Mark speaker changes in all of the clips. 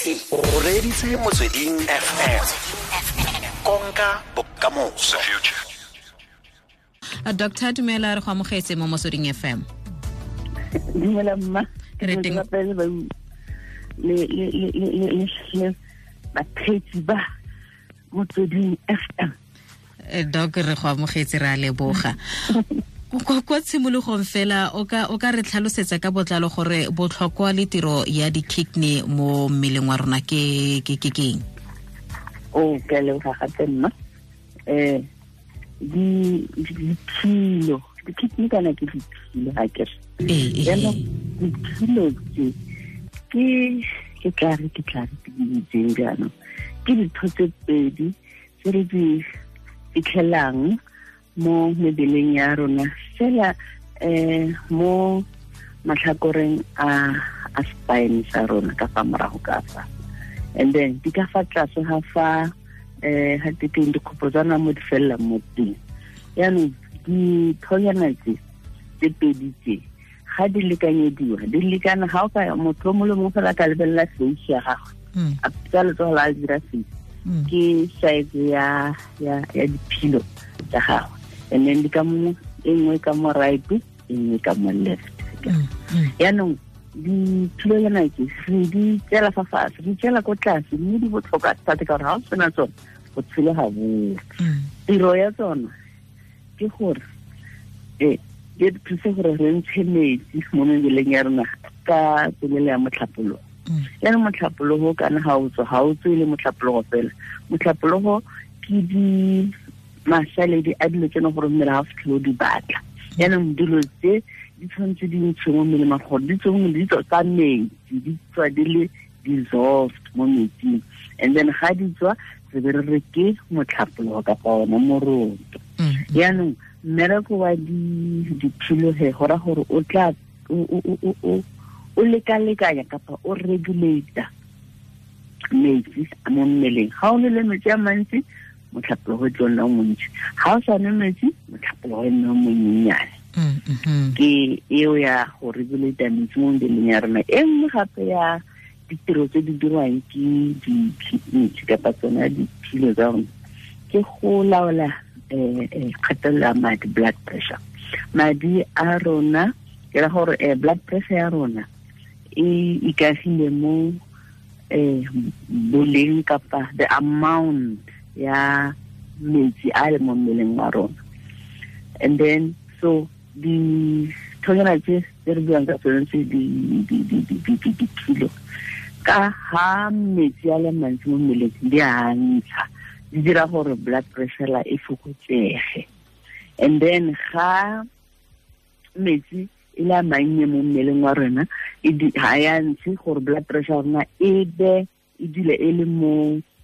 Speaker 1: tse o reditse motsweding fm konka bokamoso
Speaker 2: uh, doctor dumela re go amogetse mo motsweding fm dumela mma re teng le bakgetsi ba motsweding fm eh, doc re go amogetse re a leboga kwa tshimologong fela o ka re tlhalosetsa ka botlalo gore botlhokwa le tiro ya di-kidney mo mmeleng wa rona ke ke keng
Speaker 1: o ke leboga gape nna um eh, diphilo di-kidney kana ke diphilo ga kere ee, ee. jaanong diphilo tse ke ke tla re ke tla re ke ditseng jaanong ke ditho tse pedi tse re di fitlhelang mo mebeleng ya rona fela um mo matlhakoreng a a spine sa rona ka fa morago ka fa and then di ka fa tlase ga fa um ha di dikgopo tsa mo di felelang mo teng yaanong dithonyana tse tse pedi tse ga di lekanyediwa di lekana ga o ka motho o mole mongwe fela ka lebelela face ya gagwe mm. a tsa letsogo la a dira face mm. ke size ya diphilo tsa gagwe and then ka mo e nngwe ka mo right e nngwe ka mo left mm, mm. yaanong dithuloyana ke se di tsela fa fatshe di tsela ko tlase mme di botlhokwa thata ka gore ga o sena tsone go tshele ga bore mm. tiro ya tsona ke gore e e thuse gore re ntshe metsi mo mebeleng ya rona ka pelelo ya motlhapologo yaanong motlhapologo kana ga o tswa ga o tswe e le motlhapologo fela motlhapologo ke di masaledi a dilo tseno gore mmele ga fitlhele o di batla yaanong dilo tse di tshwanetse di ntshe mo mmeleng gore di tswe di tswa ka metsi di tswa di le dissolved mo metsing and then ga di tswa re be re re ke motlhapologo kapa ona moroto yaanong mm. mmereko wa diphiloge go raya gore o tla o lekalekanya kapa o regulator metsi mo mmeleng ga o le le metsi a mantsi motlhapologo e tlo nna o montsi ga o sa nwe metsi motlhapologo e nna o monyenyane
Speaker 2: mm, mm-hmm.
Speaker 1: ke eo ya go regulata metsi mo mebeleng ya rona e nngwe gape ya ditiro tse di dirwang ke ditleliniki kapa tsona diphilo tsa rona ke go laola um kgatelelo ya madi blood pressure madi a rona ke ra gore um blood pressure ya rona e ikagile mo um boleng kapa the amount ya metsi a le mo mmeleng wa rona and then so dithonyana tse tse re buang ka tsone tse dikilo ka ha metsi a le mantsi mo mmeleng di a ntsha di dira gore blood pressure la e fokotsege and then ga metsi e le a mannye mo mmeleng wa rona ga ya ntshe gore blood pressure ya rona e be e dile e le mo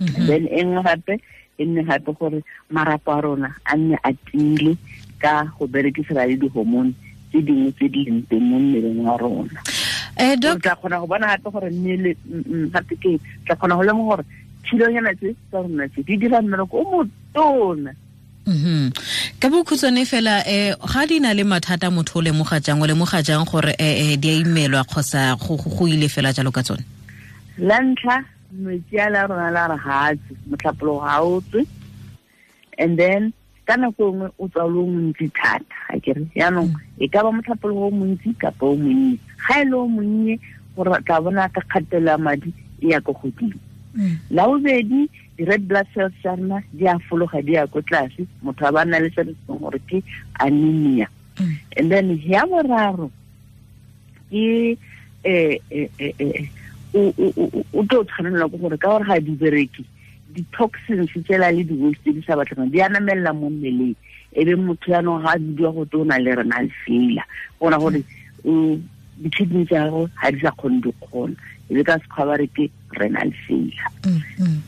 Speaker 1: Mm-hmm. then e nngwe gape e nne gape gore marapo a rona a nne a tiile ka go berekisela le di-hormone tse dingwe tse di leng teng mo mmeleng wa rona eh, tla kgona go bona gape gore mmele gape mm, mm, ke tla kgona go lemo gore thilonyana tse tsa rona tse di dira mmereko o motona
Speaker 2: mhm ka bokhutswane fela eh ga di na le mathata motho o lemoga jang o lemoga jang gore eh, eh di a imelwa kgosa go ile fela jalo ka tsone la
Speaker 1: ntlha metsi a la rona la re gatse motlhapologo ga o and then ka nako nngwe o tswa le o montsi thata ga kere yaanong e ka ba motlhapologo o montsi kapa o monnye ga e le o monnye gore tla bona ka kgatelo ya madi e ya ko godimo mm. la bobedi di-red blood cells tsa rona di a fologa di ya ko tlase motho a ba nna le senetseng gore ke anemia mm. and then ya boraro ke um o tlo tshwanelwa ke gore ka gore ga di bereke di-toxins tsela le di-waste tse di sa batlegang di a mo mmeleng e be motho yanong ga a bidiwa gote o na le rena fela gona gore di-kidney tsa gago ga di sa kgone di kgona e be ka sekgwa ba re ke renal failure mm, mm.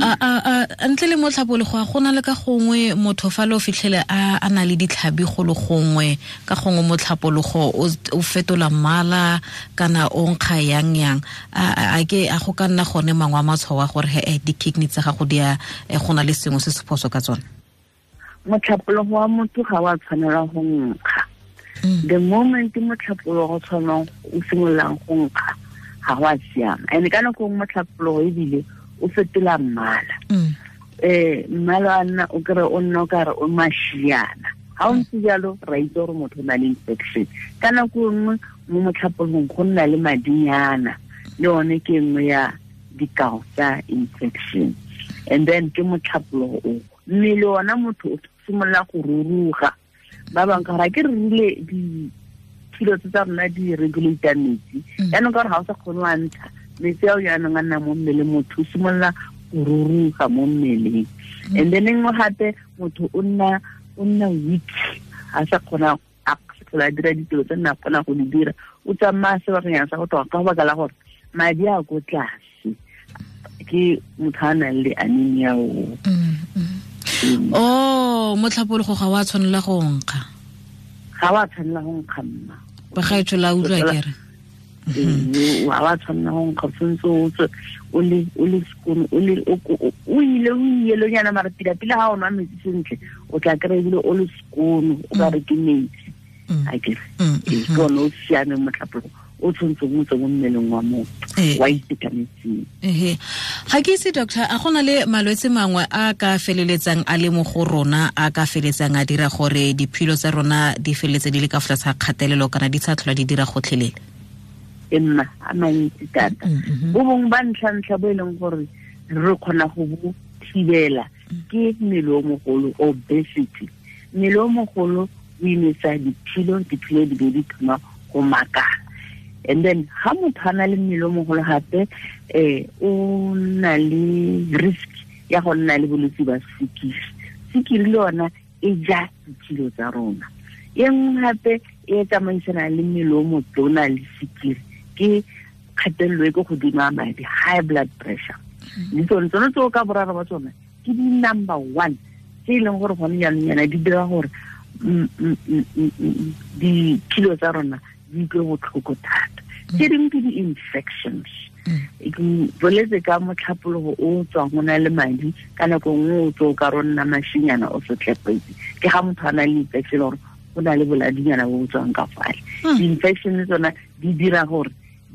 Speaker 2: a ntle le motlhapologo a gona le ka gongwe motho fa le o fitlhele a na le ditlhabi go le gongwe ka gongwe motlhapologo o fetola mmala kana o nkga yang yang a ke a go ka nna gone mangwe a matshwao a gore he eh, di-kidney tsa gago di a eh, go na le sengwe se se phoso ka tsone
Speaker 1: motlhapologo wa motho ga wa tshwanela go nkga mm. the moment motlhapologo tshwanang o simololang go nkga ga go a siama and ka nako e motlhapologo ebile o fetola mmala mm. eh mmala a nna o kere o nna o kare o mashiana ga o mm. ntse jalo ra itse gore motho o na le infection ka nako e nngwe mo motlhapolong go nna le madinyana le one ke e nngwe ya dikao tsa infection and then ke motlhapolo o mme le ona motho o simolola go ruruga ba bangwe ka ke rile dikilo tse tsa rona di regulator metsi mm. yaanong ka gore ga o sa kgone wa ntsha ao yaanong a nna mo mmeleng motho o simolola go ruruga mo mmeleng and then engwe gape motho o nna o a sa kgona a tlhola dira ditiro tse nna kgona go di dira o tsamaya sebakanyana sa go toga ka go baka la gore madi a ko tlase ke motho a nang le aneng o mm, mm.
Speaker 2: Oh, o motlhapologo ga wa tshwanela go nkga ga wa tshwanela go nkga mma ba gaetsho la utlwa kere
Speaker 1: wa wa tshwanela go nkga o tswe o le sekono o ile o ielonyana mara pila-pila ga o nwa metsi sentle o tla kry ebile o le sekono o ka re ke metsi a kere
Speaker 2: ke
Speaker 1: one o siameng motlhapologo o tshwanetseng o tse mo mmeleng wa motho wa
Speaker 2: itekanetseng ga ke itse doctor a gona le malwetse mangwe a ka feleletsang a le mo go rona a ka feleletsang a dira gore diphilo tsa rona di feleletse di le ka fa tlase kgatelelo kana di tsa tlhola di dira gotlhelele
Speaker 1: emma a mantsi tata mm, mm-hmm. bo bongwe ba ntlhantlha bo e leng gore re kgona go bo thibela ke mmele o mogolo obesity mmele o mogolo o imetsa diphilo diphilo di be di thoma go makala and then ga motho a na le mmele o mogolo gape um o na le risk ya go nna le bolwetse ba sukiri sukiri le yona e ja diphilo tsa rona e nngwe gape e tsamaisana le mmele o motona le sukiri ke kgatelelo e ke godimo ya madi high blood pressure le tsone tsone tseo ka boraro ba tsone ke di-number one tse e leng gore gone jaanong di dira gore dikilo tsa rona di utlwe botlhoko thata tse mm. dingwe ke di-infections mm. boletse ka motlhapologo o tswang go na le madi ka nako nngwe o tse o ka ronna mashinyana o sotlepetse ke ga motho a na le infection gore go na le boladinyana bo o tswang ka fale mm. di-infection tsona di dira gore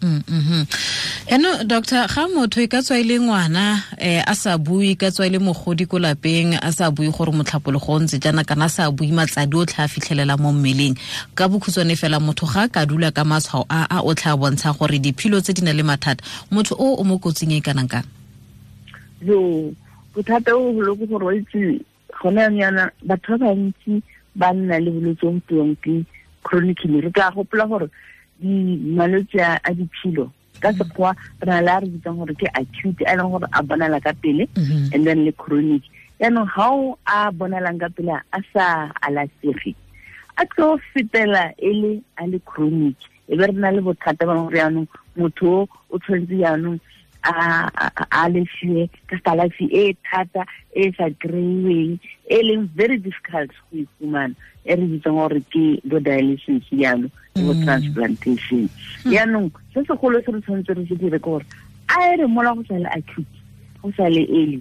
Speaker 2: yaanong mm-hmm. doctor ga motho e ka tswa e le ngwana um a sa bue ka tswa e le mogodi ko lapeng a sa bue gore motlhapologo o ntse jaana kana a sa bue matsadi otlhe a fitlhelela mo mmeleng ka bokhutswane fela motho ga a ka dula ka matshwao a a otlhe a bontsha gore diphilo tse di na le mathata motho o o mo kotsing e kanang kang
Speaker 1: yo bothata o bolo ke gore wa itse gone yana batho ba bantsi ba nna le bolwetse ke chronically re ka gopola gore di mm, malwetse a diphilo ka mm-hmm. sekgowa re na le a re bitsang gore ke acute a leng gore a bonala ka pele mm-hmm. and then le chronic yaanong ga o a bonalang ka pele a sa alasege a tlo fetela e le a le chronic e be re na le bothata ba gore yaanong motho o tshwanetse yaanong a a le se ka tsala si e thata e sa grieving e le very difficult go ikhumana e re ditse gore ke go dialysis si yalo go mm. transplantation mm. ya nung se se kholo se re tsontse re se dire gore a ere mola go tsala acute go tsala e le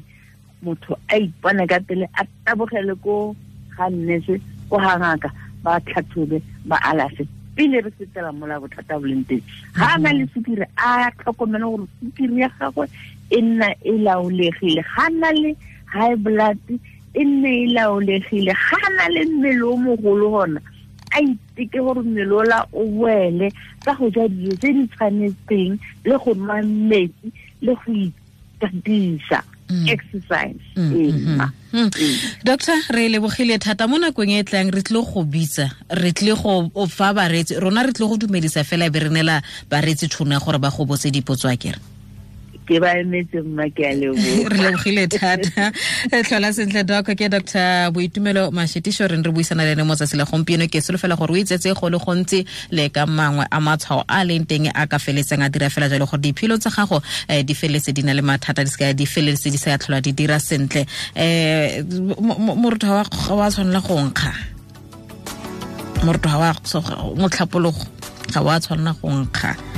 Speaker 1: motho a ipona ka pele a tabogele go ga nnese go hangaka ba tlhatlhobe ba alafe pele re setsela mola bothata bo teng ga a na le sukiri a tlhokomele gore sukiri ya gagwe e nna e laolegile ga na le high blood e nne e laolegile ga na le mmele o mogolo gona a iteke gore mmele ola o boele ka go ja dijo tse di tshwanetseng le go nwa
Speaker 2: metsi le go ikatisa Mm. exercise
Speaker 1: mm,
Speaker 2: mm, doctor re lebogile thata mo nakong e e tlang re tlile go bitsa re tlile go fa baretsi rona re tlile go dumedisa fela be re neela baretsi tšhono ya gore ba go botse dipotso akere
Speaker 1: ke ba emetse mma ke a leboga
Speaker 2: re lebogile thata eh, tlhola sentle doc ke doctor boitumelo mashetišo reng re buisana le ene mo tsatsi la gompieno ke solofela gore o itsetse go le gontsi le ka mangwe a matshwao a leng teng a ka feletseng a dira fela jalo gore diphilo tsa gago um di feleletse di na le mathata di seka di feleletse di sa ya tlhola di dira sentle um eh, morutho wa tshwanela go nkga morutho wa motlhapologo ga wa tshwanela go nkga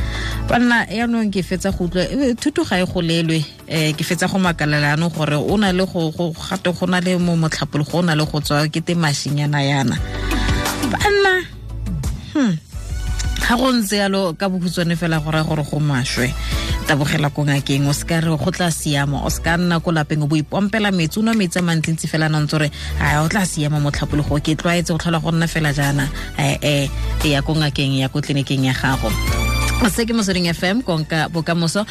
Speaker 2: panna yaanong ke fetsa go utlwa e thuto ga e golelwe um ke fetsa go makalela yanong gore o na le gate go na le mo motlhapolo go o na le go tswa ke te mašinyana yana banna hmm ga go ntse yalo ka bokhutswane fela go raya gore go maswe tabogela ko ngakeng o seka re go tla siama o seka nna ko lapeng o bo ipompela metsi o nwa metsi a mantlintsi fela na ntse ore a o tla siama motlhapologo ke tlwaetse go tlhola go nna fela jaana ee eh, eh, ya ko ngakeng e ya ko tleliniking ya gago Seguimos en FM con Boca
Speaker 1: Mozo.